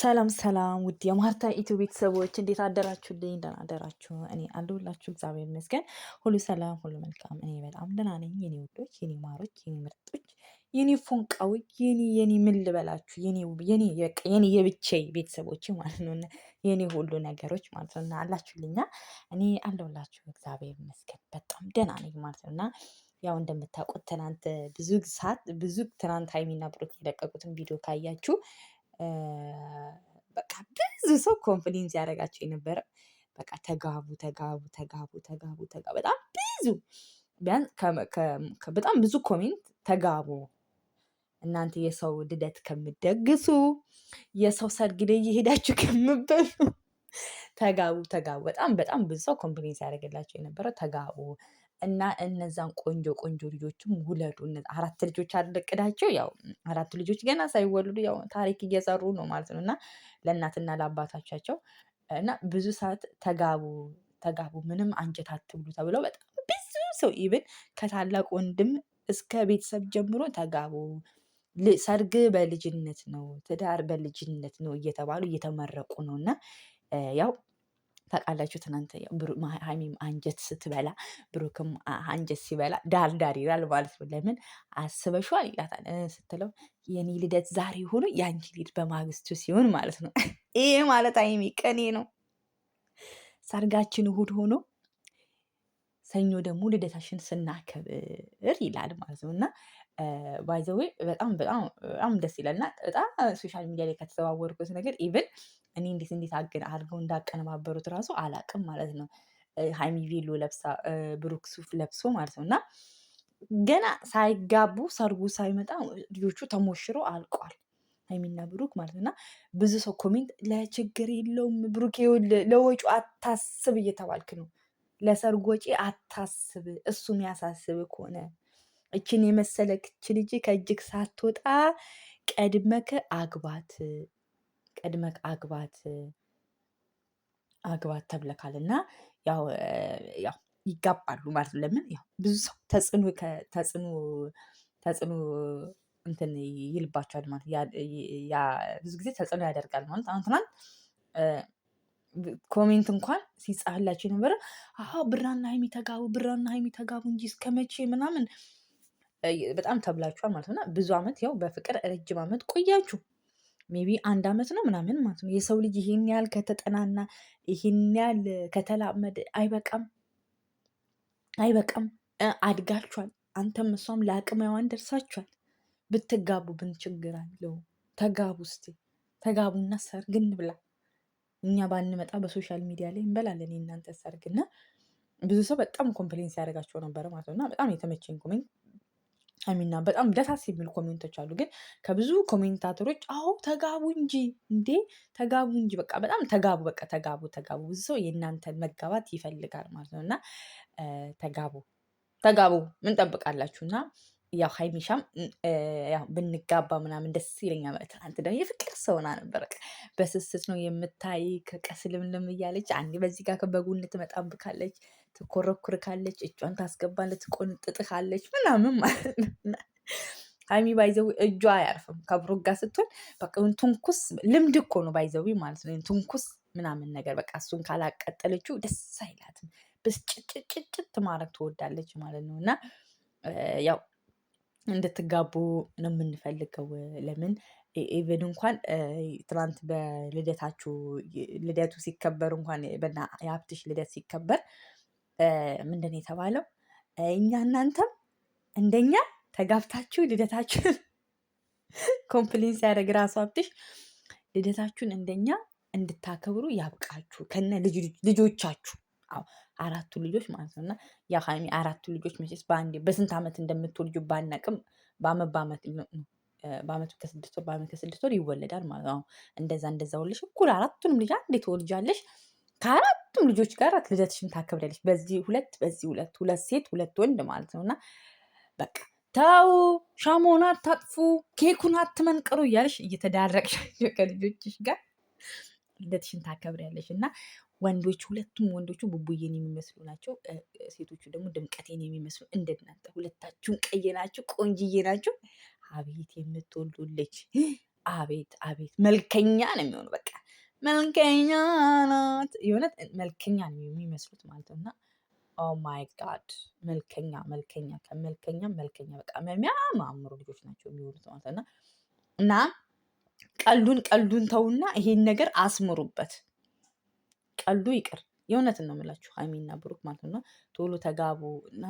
ሰላም ሰላም ውድ የማርታ ኢትዮ ቤተሰቦች እንዴት አደራችሁልኝ? ደህና አደራችሁ? እኔ አለሁላችሁ። እግዚአብሔር ይመስገን፣ ሁሉ ሰላም፣ ሁሉ መልካም። እኔ በጣም ደህና ነኝ። የኔ ውዶች፣ የኔ ማሮች፣ የኔ ምርጦች፣ የኔ ፎንቃዊ፣ የኔ የኔ ምን ልበላችሁ፣ የኔ የብቻዬ ቤተሰቦች ማለት ነው፣ የኔ ሁሉ ነገሮች ማለት ነው። እና አላችሁልኛ፣ እኔ አለሁላችሁ። እግዚአብሔር ይመስገን፣ በጣም ደህና ነኝ ማለት ነው እና ያው እንደምታውቁት ትናንት ብዙ ሰዓት ብዙ ትናንት ሀይሚና ብሩክ የለቀቁትን ቪዲዮ ካያችሁ በቃ ብዙ ሰው ኮንፊደንስ ያደረጋቸው የነበረ በቃ ተጋቡ ተጋቡ ተጋቡ ተጋቡ ተጋቡ በጣም ብዙ በጣም ብዙ ኮሜንት ተጋቡ እናንተ የሰው ልደት ከምደግሱ የሰው ሰርግ ላይ እየሄዳችሁ ከምበሉ ተጋቡ ተጋቡ በጣም በጣም ብዙ ሰው ኮንፊደንስ ያደረገላቸው የነበረው ተጋቡ እና እነዛን ቆንጆ ቆንጆ ልጆችም ውለዱ። አራት ልጆች አለቅዳቸው ያው አራት ልጆች ገና ሳይወልዱ ያው ታሪክ እየሰሩ ነው ማለት ነው እና ለእናትና ለአባቶቻቸው እና ብዙ ሰዓት ተጋቡ ተጋቡ ምንም አንጀት አትብሉ ተብለው በጣም ብዙ ሰው ኢብን ከታላቅ ወንድም እስከ ቤተሰብ ጀምሮ ተጋቡ ሰርግ በልጅነት ነው፣ ትዳር በልጅነት ነው እየተባሉ እየተመረቁ ነው እና ያው ታውቃላችሁ ትናንተ ሀይሚም አንጀት ስትበላ ብሩክም አንጀት ሲበላ ዳልዳር ይላል ማለት ነው። ለምን አስበሽዋል ይላታል ስትለው የኔ ልደት ዛሬ ሆኖ የአንቺ ልደት በማግስቱ ሲሆን ማለት ነው። ይሄ ማለት ሀይሚ ቀኔ ነው፣ ሰርጋችን እሁድ ሆኖ ሰኞ ደግሞ ልደታችን ስናከብር ይላል ማለት ነው እና ባይ ዘ ዌይ በጣም በጣም በጣም ደስ ይላል እና በጣም ሶሻል ሚዲያ ላይ ከተዘዋወርኩት ነገር ኢቨን እኔ እንዴት እንዴት አግን አድርገው እንዳቀነባበሩት ራሱ አላቅም ማለት ነው። ሃይሚ ቬሎ ለብሳ ብሩክ ሱፍ ለብሶ ማለት ነው እና ገና ሳይጋቡ ሰርጉ ሳይመጣ ልጆቹ ተሞሽሮ አልቋል። ሃይሚና ብሩክ ማለት ነው እና ብዙ ሰው ኮሜንት ለችግር የለውም ብሩክ ይኸውልህ ለወጪው አታስብ እየተባልክ ነው። ለሰርጉ ወጪ አታስብ እሱ የሚያሳስብ ከሆነ እችን የመሰለ ክች ልጅ ከእጅግ ሳትወጣ ቀድመክ አግባት ቀድመክ አግባት አግባት ተብለካል እና ያው ያው ይጋባሉ ማለት ነው። ለምን ያው ብዙ ሰው ተጽዕኖ ተጽዕኖ ተጽዕኖ እንትን ይልባቸዋል ማለት ያ ብዙ ጊዜ ተጽዕኖ ያደርጋል ማለት አሁን ትናንት ኮሜንት እንኳን ሲጻፍላቸው የነበረ ብራና ሀይሚ ተጋቡ ብራና ሀይሚ ተጋቡ እንጂ እስከመቼ ምናምን በጣም ተብላችኋል ማለት ነው። ብዙ አመት ያው በፍቅር ረጅም አመት ቆያችሁ ሜቢ አንድ አመት ነው ምናምን ማለት ነው። የሰው ልጅ ይሄን ያህል ከተጠናና ይሄን ያህል ከተላመደ አይበቃም አይበቃም። አድጋችኋል። አንተም እሷም ለአቅመ ሔዋን ደርሳችኋል። ብትጋቡ ብን ችግር አለው? ተጋቡ እስቲ ተጋቡና ሰርግ እንብላ። እኛ ባንመጣ በሶሻል ሚዲያ ላይ እንበላለን የእናንተ ሰርግና ብዙ ሰው በጣም ኮምፕሌንስ ያደርጋቸው ነበረ ማለት ነው። እና በጣም የተመቸኝ ኮሜንት አሚና በጣም ደሳስ የሚሉ ኮሜንቶች አሉ። ግን ከብዙ ኮሜንታተሮች አዎ ተጋቡ እንጂ እንዴ ተጋቡ እንጂ በቃ በጣም ተጋቡ፣ በቃ ተጋቡ፣ ተጋቡ። ብዙ ሰው የእናንተን መጋባት ይፈልጋል ማለት ነው። እና ተጋቡ፣ ተጋቡ ምን ጠብቃላችሁ? እና ያው ሀይሚሻም ብንጋባ ምናምን ደስ ይለኛል። ትናንት ደግሞ የፍቅር ሰውና ነበር። በስስት ነው የምታይ ከቀስልምልም እያለች አንዴ በዚህ ጋር በጎን ትመጣብካለች። ትኮረኩርካለች፣ እጇን ታስገባለች፣ ቆንጥጥካለች ምናምን ማለት ነው። ሀይሚ ባይዘዊ እጇ አያርፍም ከብሩክ ጋር ስትሆን በቃ ትንኩስ ልምድ እኮ ነው ባይዘዊ ማለት ነው። ትንኩስ ምናምን ነገር በቃ እሱን ካላቀጠለችው ደስ አይላትም። ብስጭጭጭጭት ማድረግ ትወዳለች ማለት ነው እና ያው እንድትጋቡ ነው የምንፈልገው። ለምን ኢቨን እንኳን ትናንት በልደታችሁ ልደቱ ሲከበር እንኳን የሀብትሽ ልደት ሲከበር ምንድን የተባለው? እኛ እናንተም እንደኛ ተጋብታችሁ ልደታችሁን ኮምፕሊንስ ያደረግ ራሱ ሀብትሽ ልደታችሁን እንደኛ እንድታከብሩ ያብቃችሁ ከነ ልጆቻችሁ አራቱ ልጆች ማለት ነው ያ ሀይሚ አራቱ ልጆች መቼስ በአንዴ በስንት ዓመት እንደምትወልጁ ባናቅም በአመት በአመት በአመቱ ከስድስት ወር በአመት ከስድስት ወር ይወለዳል ማለት ነው። እንደዛ እንደዛ ወልሽ እኩል አራቱንም ልጅ አንዴ ትወልጃለሽ። ከአራቱም ልጆች ጋር ልደትሽን ታከብዳለች። በዚህ ሁለት በዚህ ሁለት ሁለት ሴት ሁለት ወንድ ማለት ነው። እና በቃ ተው ሻሞና አታጥፉ፣ ኬኩን አትመንቅሩ እያለሽ እየተዳረቅሻቸው ከልጆችሽ ጋር ልደትሽን ታከብሪያለሽ እና ወንዶቹ ሁለቱም ወንዶቹ ቡቡዬን የሚመስሉ ናቸው። ሴቶቹ ደግሞ ድምቀቴን የሚመስሉ እንደናንተ ሁለታችሁን ቀይ ናችሁ፣ ቆንጅዬ ናችሁ። አቤት የምትወልዱ ልጅ አቤት አቤት መልከኛ ነው የሚሆኑ በቃ መልከኛ ናት መልከኛ ነው የሚመስሉት ማለት ነው። እና ኦ ማይ ጋድ መልከኛ መልከኛ ከመልከኛ መልከኛ በቃ የሚያማምሩ ልጆች ናቸው የሚሆኑት ማለት ነው። እና ቀልዱን ቀልዱን ተውና ይሄን ነገር አስምሩበት። ቀልዱ ይቅር የእውነት ነው የምላችሁ ሀይሚና ብሩክ ማለት ነው። ቶሎ ተጋቡ እና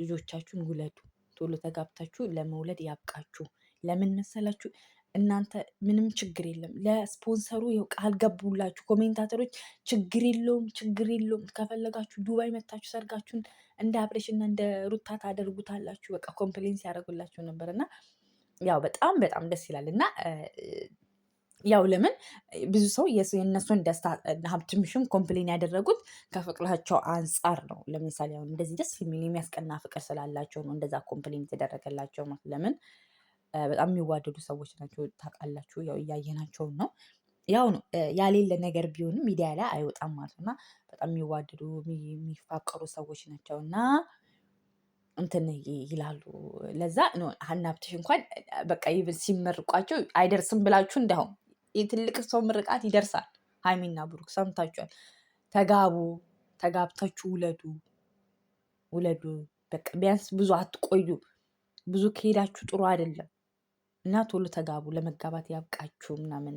ልጆቻችሁን ውለዱ። ቶሎ ተጋብታችሁ ለመውለድ ያብቃችሁ። ለምን መሰላችሁ? እናንተ ምንም ችግር የለም። ለስፖንሰሩ ቃል ገቡላችሁ ኮሜንታተሮች ችግር የለውም ችግር የለውም ከፈለጋችሁ ዱባይ መታችሁ ሰርጋችሁን እንደ አብሬሽ እንደ ሩታ ታደርጉታላችሁ በቃ ኮምፕሌን ያደረጉላችሁ ነበር። እና ያው በጣም በጣም ደስ ይላል እና ያው ለምን ብዙ ሰው የእነሱን ደስታ ሀብትምሽም ኮምፕሌን ያደረጉት ከፍቅራቸው አንጻር ነው። ለምሳሌ አሁን እንደዚህ ደስ የሚል የሚያስቀና ፍቅር ስላላቸው ነው እንደዛ ኮምፕሌን የተደረገላቸው። ለምን በጣም የሚዋደዱ ሰዎች ናቸው። ታውቃላችሁ ያው እያየናቸውን ነው። ያው ነው ያሌለ ነገር ቢሆንም ሚዲያ ላይ አይወጣም ማለት ነው። እና በጣም የሚዋደዱ የሚፋቀሩ ሰዎች ናቸው እና እንትን ይላሉ። ለዛ ሀናብትሽ እንኳን በቃ ይብን ሲመርቋቸው አይደርስም ብላችሁ እንዲያውም የትልቅ ሰው ምርቃት ይደርሳል። ሀይሚና ብሩክ ሰምታችኋል። ተጋቡ፣ ተጋብታችሁ ውለዱ፣ ውለዱ። በቃ ቢያንስ ብዙ አትቆዩ። ብዙ ከሄዳችሁ ጥሩ አይደለም። እና ቶሎ ተጋቡ ለመጋባት ያብቃችሁ ምናምን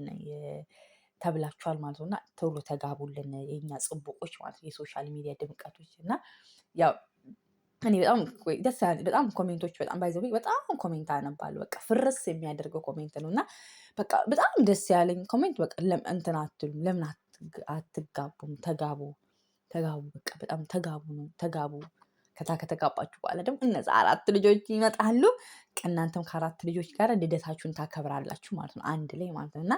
ተብላችኋል ማለት ነው። እና ቶሎ ተጋቡልን የኛ ጽቡቆች ማለት ነው። የሶሻል ሚዲያ ድምቀቶች እና ያው እኔ በጣም ደስ በጣም ኮሜንቶች በጣም ባይዘ በጣም ኮሜንት አነባለሁ። በቃ ፍርስ የሚያደርገው ኮሜንት ነው እና በቃ በጣም ደስ ያለኝ ኮሜንት በቃ እንትን አትሉ ለምን አትጋቡም? ተጋቡ ተጋቡ በቃ በጣም ተጋቡ ነው ተጋቡ ከዛ ከተጋባችሁ በኋላ ደግሞ እነዛ አራት ልጆች ይመጣሉ። እናንተም ከአራት ልጆች ጋር ልደታችሁን ታከብራላችሁ ማለት ነው። አንድ ላይ ማለት ነው እና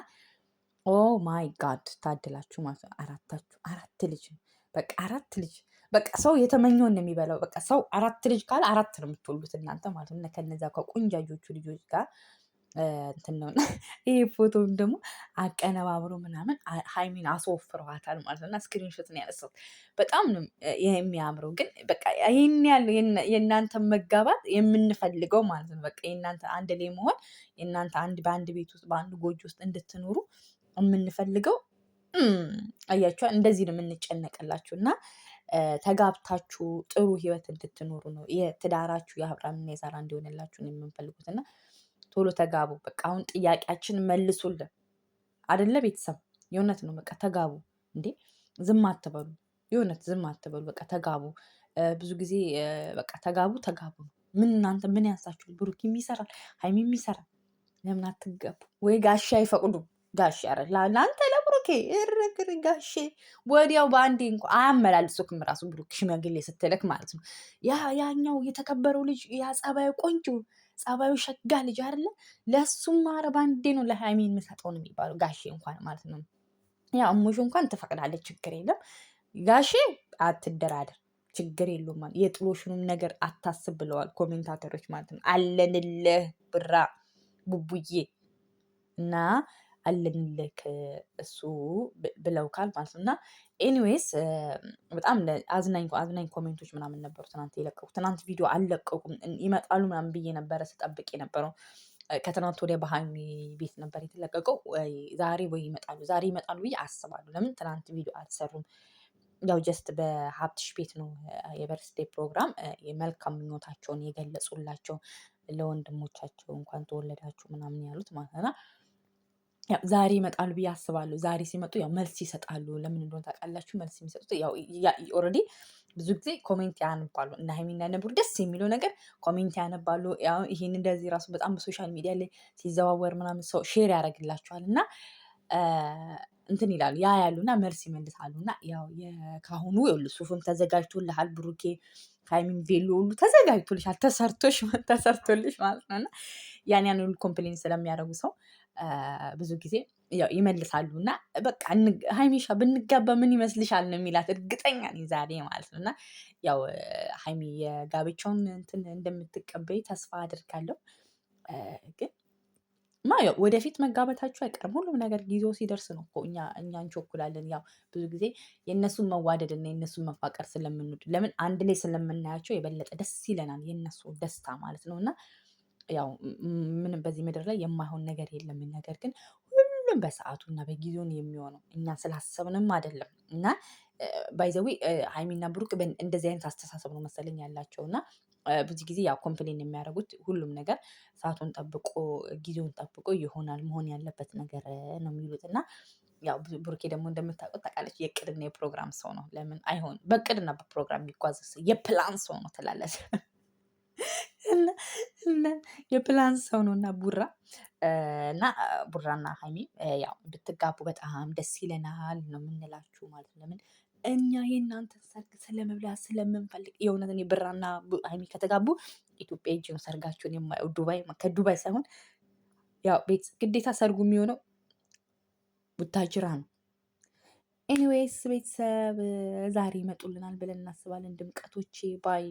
ኦ ማይ ጋድ ታድላችሁ ማለት ነው። አራታችሁ አራት ልጅ በቃ አራት ልጅ በቃ ሰው የተመኘውን የሚበላው። በቃ ሰው አራት ልጅ ካለ አራት ነው የምትወሉት እናንተ ማለት ነው። ከነዚ ከቆንጃጆቹ ልጆች ጋር እንትን ነው እና ይሄ ፎቶም ደግሞ አቀነባብሮ ምናምን ሀይሚን አስወፍረዋታል ማለት ነው እና ስክሪንሾት ነው ያነሳት። በጣም ነው የሚያምረው። ግን በቃ ይህን ያለ የእናንተ መጋባት የምንፈልገው ማለት ነው። በቃ የእናንተ አንድ ላይ መሆን የእናንተ አንድ በአንድ ቤት ውስጥ በአንድ ጎጆ ውስጥ እንድትኖሩ የምንፈልገው አያችኋ፣ እንደዚህ ነው የምንጨነቅላችሁ እና ተጋብታችሁ ጥሩ ህይወት እንድትኖሩ ነው የትዳራችሁ የአብርሃምና የዛራ እንዲሆንላችሁ ነው የምንፈልጉት እና ቶሎ ተጋቡ። በቃ አሁን ጥያቄያችን መልሱልን አደለ ቤተሰብ፣ የእውነት ነው። በቃ ተጋቡ እንዴ ዝም አትበሉ፣ የእውነት ዝም አትበሉ። በቃ ተጋቡ። ብዙ ጊዜ በቃ ተጋቡ ተጋቡ ነው። ምን እናንተ ምን ያንሳችሁ? ብሩኪም የሚሰራል ሀይሚም የሚሰራል ለምን አትገቡ? ወይ? ጋሻ አይፈቅዱም። ጋሻ ያረ ለአንተ ኦኬ እርግር ጋሼ ወዲያው በአንዴ እንኳ አያመላልሱክም። ራሱ ብሩክ ሽማግሌ ስትልክ ማለት ነው። ያ ያኛው የተከበረው ልጅ ያ ጸባዩ ቆንጆ ጸባዩ ሸጋ ልጅ አይደለ? ለእሱም ማረ በአንዴ ነው ለሃይሚ የምሰጠው ነው የሚባለው ጋሼ እንኳን ማለት ነው። ያ እሙሽ እንኳን ትፈቅዳለች፣ ችግር የለም ጋሼ አትደራደር፣ ችግር የለም ማለት የጥሎሽንም ነገር አታስብ ብለዋል ኮሜንታተሮች ማለት ነው። አለንልህ ብራ ቡቡዬ እና አለንልክ እሱ ብለውካል ማለት ነው። እና ኤኒዌይስ በጣም አዝናኝ አዝናኝ ኮሜንቶች ምናምን ነበሩ ትናንት የለቀቁ ትናንት ቪዲዮ አልለቀቁም ይመጣሉ ምናምን ብዬ ነበረ ስጠብቅ የነበረው ከትናንት ወዲያ በሀይሚ ቤት ነበር የተለቀቀው። ዛሬ ወይ ይመጣሉ ዛሬ ይመጣሉ ብዬ አስባሉ ለምን ትናንት ቪዲዮ አልሰሩም? ያው ጀስት በሀብትሽ ቤት ነው የበርስዴ ፕሮግራም የመልካም ምኞታቸውን የገለጹላቸው ለወንድሞቻቸው እንኳን ተወለዳችሁ ምናምን ያሉት ማለት ነው። ዛሬ ይመጣሉ ብዬ አስባለሁ። ዛሬ ሲመጡ ያው መልስ ይሰጣሉ። ለምን እንደሆነ ታውቃላችሁ? መልስ የሚሰጡት ያው ኦልሬዲ ብዙ ጊዜ ኮሜንት ያነባሉ እና ሀይሚና ያነብሩ ደስ የሚለው ነገር ኮሜንት ያነባሉ። ይህን እንደዚህ ራሱ በጣም በሶሻል ሚዲያ ላይ ሲዘዋወር ምናምን ሰው ሼር ያደርግላቸዋል እና እንትን ይላሉ ያ ያሉና መልስ ይመልሳሉ። እና ያው ካሁኑ ሱፍም ተዘጋጅቶልሃል ብሩኬ ከሀይሚም ቬሎ ሁሉ ተዘጋጅቶልሻል ተሰርቶሽ ተሰርቶልሽ ማለት ነው እና ያን ያን ሁሉ ኮምፕሌን ስለሚያደርጉ ሰው ብዙ ጊዜ ያው ይመልሳሉ እና በቃ ሀይሚሻ ብንጋባ ምን ይመስልሻል ነው የሚላት። እርግጠኛ ነኝ ዛሬ ማለት ነው። እና ያው ሀይሚ የጋብቻውን እንትን እንደምትቀበይ ተስፋ አድርጋለሁ። ግን ማ ያው ወደፊት መጋበታችሁ አይቀርም። ሁሉም ነገር ጊዜው ሲደርስ ነው እኮ እኛ እኛ እንቸኩላለን። ያው ብዙ ጊዜ የእነሱን መዋደድ እና የእነሱን መፋቀር ስለምንወድ ለምን አንድ ላይ ስለምናያቸው የበለጠ ደስ ይለናል። የእነሱ ደስታ ማለት ነው እና ያው ምንም በዚህ ምድር ላይ የማይሆን ነገር የለም። ነገር ግን ሁሉም በሰዓቱና በጊዜውን የሚሆነው እኛ ስላሰብንም አይደለም እና ባይዘዊ ሀይሚና ብሩክ እንደዚህ አይነት አስተሳሰብ ነው መሰለኝ ያላቸው እና ብዙ ጊዜ ያው ኮምፕሌን የሚያደርጉት ሁሉም ነገር ሰዓቱን ጠብቆ ጊዜውን ጠብቆ ይሆናል መሆን ያለበት ነገር ነው የሚሉት እና ያው ብሩኬ ደግሞ እንደምታውቀው ታውቃለች፣ የቅድና የፕሮግራም ሰው ነው። ለምን አይሆን በቅድና በፕሮግራም የሚጓዝ የፕላን ሰው ነው ትላለች። የፕላን ሰው ነው እና ቡራ እና ቡራና ሀይሚ ያው ብትጋቡ በጣም ደስ ይለናል ነው የምንላችሁ ማለት ነው። ለምን እኛ የእናንተን ሰርግ ስለመብላት ስለምንፈልግ የእውነት እኔ ብራና ሀይሚ ከተጋቡ ኢትዮጵያ እጅ ነው ሰርጋቸውን የማየው። ዱባይ ከዱባይ ሳይሆን ያው ቤት ግዴታ ሰርጉ የሚሆነው ቡታጅራ ነው። ኤኒዌይስ ቤተሰብ ዛሬ ይመጡልናል ብለን እናስባለን። ድምቀቶቼ ባይ